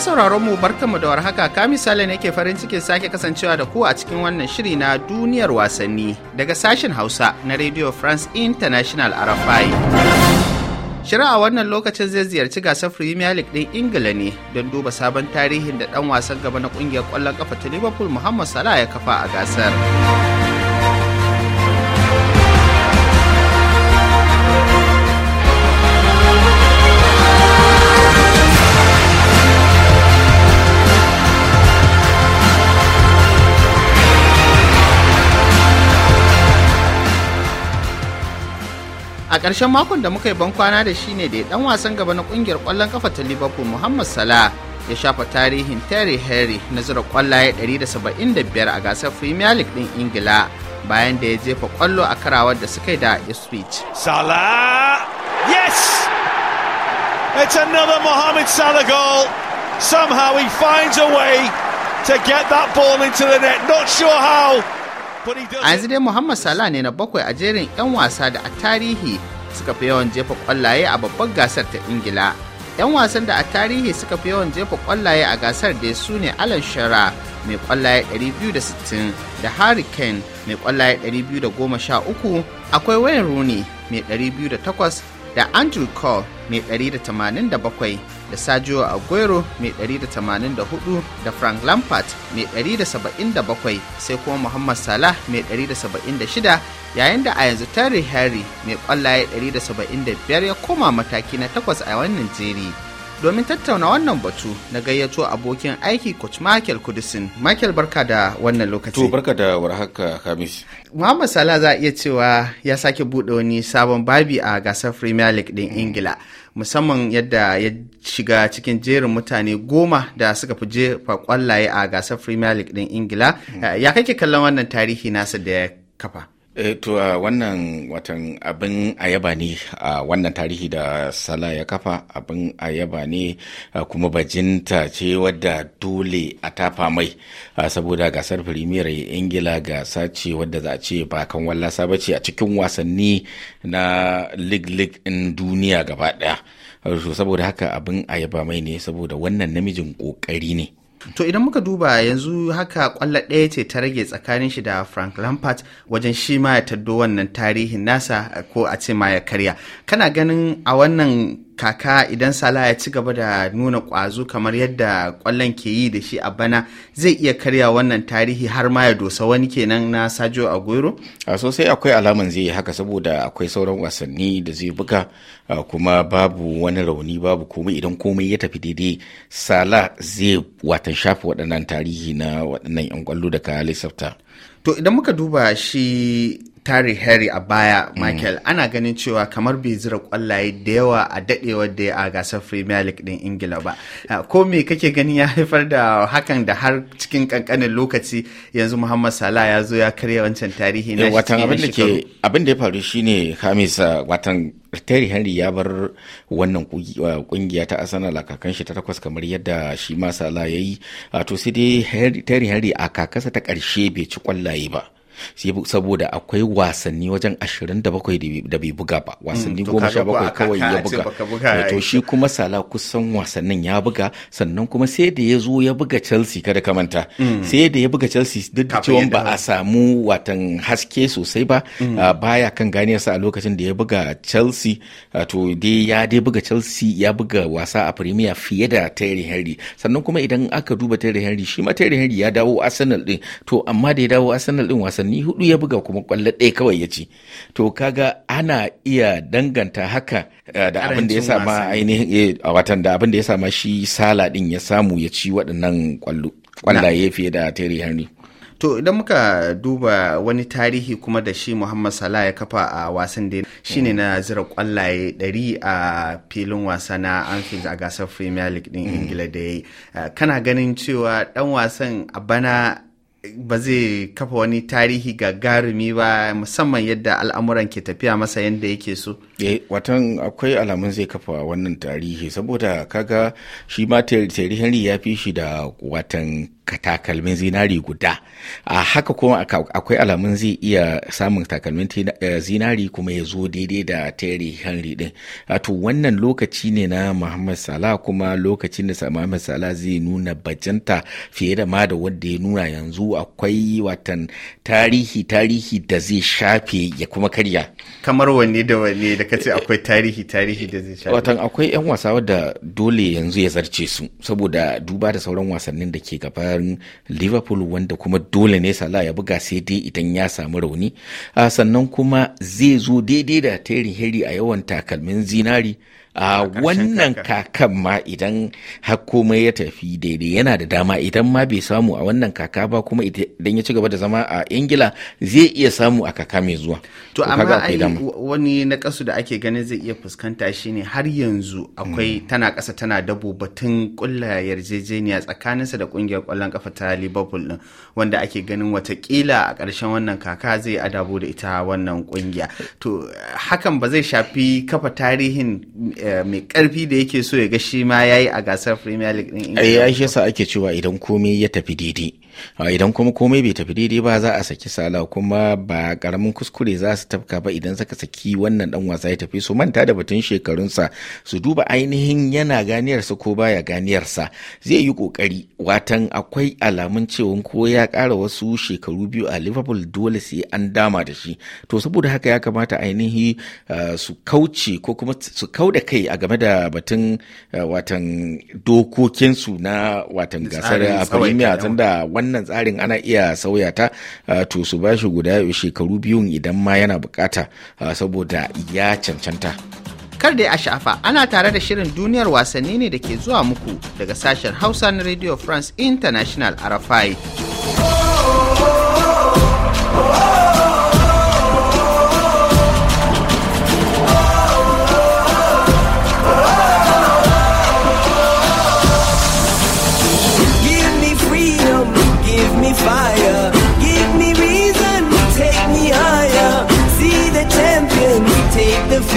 sauraron mu barkanmu da warhaka ka misali ne ke farin cikin sake kasancewa da ku a cikin wannan shiri na duniyar wasanni daga sashen Hausa na Radio France International RFI. shira a wannan lokacin zai ziyarci gasar Premier League ɗin Ingila ne don duba sabon tarihin da ɗan wasan gaba na ƙungiyar ƙwallon ƙafa ta Liverpool Muhammad Salah ya kafa a gasar. Karshen makon da muka yi bankwana da shi ne da ɗan wasan gaba na ƙungiyar kwallon kafa ta Liverpool Muhammad Salah ya shafa tarihin Terry Henry na zura ƙwallaye 175 a gasar Premier League ɗin Ingila bayan da ya jefa ƙwallo a karawar da suka yi da Ipswich. Salah! Yes! It's another Mohamed Salah goal. Somehow he finds a way to get that ball into the net. Not sure how, a yanzu dai muhammad salah ne na bakwai a jerin 'yan wasa da a tarihi suka fi yawan jefa kwallaye a babbar gasar ta ingila 'yan wasan da a tarihi suka fi yawan jefa kwallaye a gasar da su ne alan shara mai kwallaye 260 da harry kane mai kwallaye 213 akwai wayne rooney mai 208 da Andrew Cole mai 187 da Sergio Aguero mai 184 da Frank Lampard mai 177 sai kuma Muhammad Salah mai 176 yayin da a yanzu Terry Henry mai kwallaye 175 ya koma mataki na takwas a wannan jeri. domin tattauna wannan batu na gayyato abokin aiki coach Michael Kudisin. Michael barka da wannan lokaci. To barka da warhaka Hamis. Muhammad Salah za a iya cewa ya sake buɗe wani sabon babi a gasar Premier League ɗin Ingila. Musamman yadda ya shiga cikin jerin mutane goma da suka fi jefa kwallaye a gasar Premier League ɗin Ingila. Mm. Eh, ya kake kallon wannan tarihi nasa da ya kafa? Eh, to a wannan watan abin ayaba ne a wannan tarihi da sala ya kafa abin ayaba ne kuma bajinta ce wadda dole a tafa mai saboda gasar firimiyar ingila gasa ce wadda za a ce ba kan wallasa ba ce a cikin wasanni na liglig in duniya gaba daya saboda haka abin ayaba mai ne saboda wannan namijin kokari ne To idan muka duba yanzu haka kwallo ɗaya ce ta rage tsakanin shi da Frank Lampard wajen shi ma ya taddo wannan tarihin nasa ko a ce ma ya karya. Kana ganin a wannan kaka idan sala ya ci gaba da nuna ƙwazo kamar yadda ƙwallon ke yi da shi a bana zai iya karya wannan tarihi har ma ya dosa wani kenan na Sajo Aguero? A sosai akwai alaman zai yi haka saboda akwai sauran wasanni da zai buga kuma babu wani rauni babu komai idan komai ya tafi daidai sala zai watan shafi waɗannan tarihi na waɗannan 'yan kwallo da ka lissafta. To idan muka duba shi Tari Harry a baya mm. Michael mm. ana ganin cewa kamar bai zira kwallaye da yawa a dadewar da a gasar Premier League din Ingila ba. ko me kake ganin ya haifar da hakan da har cikin kankanin lokaci yanzu Muhammad Salah ya zo ya karya wancan tarihi na eh, watan abin da ke abin da ya faru shine Hamis ah, watan tari Henry ya bar wannan ah, kungiya ta Arsenal a shi ta takwas kamar yadda shi ma Salah yayi. yi ah, to sai dai tari Henry a kakasa ta karshe bai ci kwallaye ba. saboda akwai wasanni wajen 27 da bai buga ba mm, wasanni 17 kawai ya buga eh, to shi kuma sala kusan wasannin ya buga sannan kuma sai da ya zo ya buga chelsea kada ka manta mm. sai da ya buga chelsea duk da cewa ba a samu watan haske sosai ba mm. ah, baya kan ganiyarsa a lokacin da ya buga chelsea ah, to dai ya dai buga chelsea ya buga wasa a premier fiye da terry henry sannan kuma idan aka duba terry henry shi ma terry henry ya dawo arsenal din to amma da ya dawo arsenal din wasanni wasanni hudu ya buga kuma kwallo ɗaya kawai ya ci to kaga ana iya danganta haka eh, da abin da ya sa ainihin eh, a watan da abin da ya sa ma shi sala din ya samu ya ci waɗannan kwallaye fiye da Terry Henry to idan muka duba wani tarihi kuma da shi muhammad salah ya kafa a wasan da shine na zira kwallaye 100 a filin wasa na anfield a gasar premier league din mm. ingila da ya yi eh, kana ganin cewa dan wasan a bana ba zai kafa wani tarihi gagarumi ba musamman yadda al'amuran ke tafiya masa yadda yake so. Eh, watan akwai alamun zai kafa wannan tarihi saboda kaga shi ma Terry Henry ya fi shi da watan takalmin zinari guda a haka kuma akwai alamun zai iya samun takalmin eh, zinari kuma ya zo daidai da terry henry din to wannan lokaci ne na muhammad salah kuma lokacin da muhammad salah zai nuna bajanta fiye da ma da wanda ya nuna yanzu akwai watan tarihi tarihi da zai shafe ya kuma karya kamar wanne da wanne da kace akwai tarihi tarihi da zai shafe watan akwai yan wasa wadda dole yanzu ya zarce su saboda duba da sauran wasannin da ke gaba tsaron liverpool wanda kuma dole ne salah ya buga sai dai idan ya samu rauni ah, sannan kuma zai zo daidai da terry harry a yawan takalmin zinari a wannan kakan ma idan hakoma ya tafi daidai yana da dama idan ma bai samu a wannan kaka ba kuma idan ya ci gaba da zama a ingila zai iya samu a kaka mai zuwa to amma wani na kasu da ake ganin zai iya fuskanta shi ne har yanzu akwai mm. tana kasa tana dabo batun kulla yarjejeniya tsakaninsa da kungiyar kwallon kafa ta liverpool din wanda ake ganin watakila a ƙarshen wannan kaka zai adabo da ita wannan kungiya to hakan ba zai shafi kafa tarihin Eh, mai karfi da yake so ya ga shi ma yi a gasar Premier League din Ingila. shi yasa ake cewa idan komai ya tafi daidai idan kuma komai bai tafi daidai ba za a saki sala kuma ba karamin kuskure za su tafka ba idan suka saki wannan dan wasa ya tafi su manta da batun shekarunsa su duba ainihin yana ganiyarsa ko baya ganiyarsa zai yi kokari watan akwai alamun cewa ko ya kara wasu shekaru biyu a liverpool dole sai an dama da shi to saboda haka ya kamata ainihi eh, su kauce ko kuma su kau kai a game da batun eh, watan dokokinsu na watan gasar a premier tunda wannan wannan tsarin ana iya sauya ta to su ba shi guda shekaru biyun idan ma yana bukata saboda ya cancanta kar da ya shafa ana tare da shirin duniyar wasanni ne da ke zuwa muku daga sashen hausa na radio france international Rafai.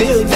feel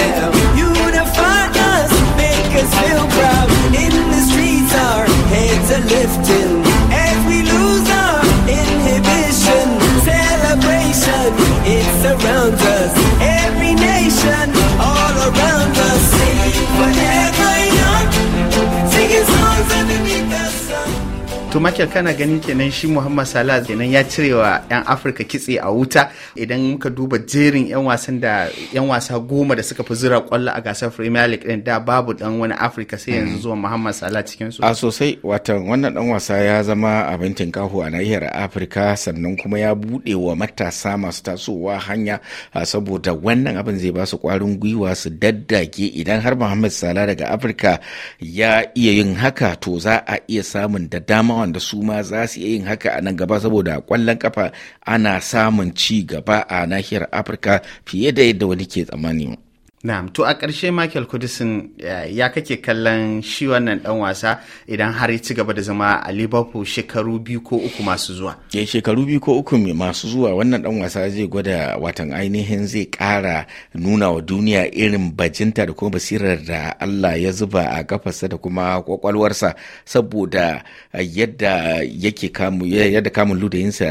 to Michael kana gani kenan shi Muhammad Salah kenan ya cire wa 'yan Afirka kitse a wuta idan ka duba jerin 'yan wasan da 'yan wasa goma da suka fi zira kwallo a gasar Premier League din da babu dan wani Afirka sai yanzu mm. zuwa Muhammad Salah cikin su. A sosai watan wannan dan wasa ya zama abin tinkahu a nahiyar Afirka sannan kuma ya bude wa matasa masu tasowa hanya saboda wannan abin zai ba su kwarin gwiwa su daddake idan har Muhammad Salah daga Afirka ya iya yin haka to za a iya samun da dama wanda su ma za su iya yin haka a nan gaba saboda kwallon kafa ana samun ci gaba a nahiyar afirka fiye da yadda wani ke tsammani. Na'am, to a ƙarshe Michael Kudisin eh, ya kake kallon shi wannan ɗan wasa idan har ya ci gaba da zama a Liverpool shekaru biyu ko uku masu zuwa. Ya eh, shekaru biyu ko uku masu zuwa wannan ɗan wasa zai gwada watan ainihin zai ƙara nuna wa duniya irin bajinta da kuma basirar da Allah ya zuba a kafarsa da kuma kwakwalwarsa saboda yadda yake kamu yadda kamun ludayinsa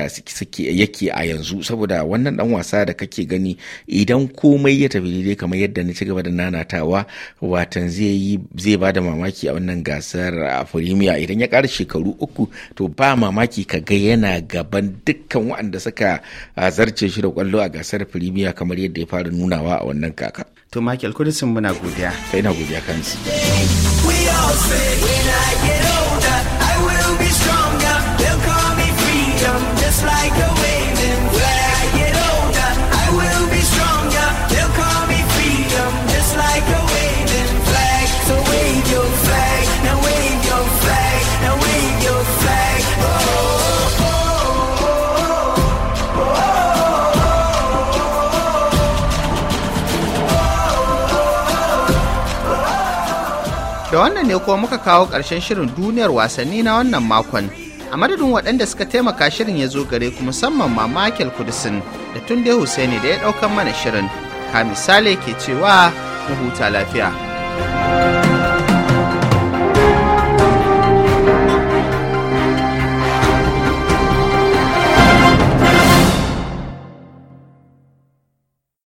yake a yanzu saboda wannan ɗan wasa da kake gani idan komai ya tafi daidai kamar yadda da na ci gaba da nanatawa watan zai yi zai ba da mamaki a wannan gasar a firimiya idan ya ƙara shekaru uku to ba mamaki ka ga yana gaban dukkan waɗanda suka zarce shi da kwallo a gasar firimiya kamar yadda ya fara nunawa a wannan kaka. To Michael Kudisin muna godiya. Kai na godiya kansu. like a wave in da wannan ne kuma muka kawo ƙarshen shirin duniyar wasanni na wannan makon a madadin waɗanda suka taimaka shirin ya zo gare ku musamman ma Michael Kudisin da Tunde Hussaini da ya ɗaukan mana shirin. Ka misali ke cewa mu huta lafiya.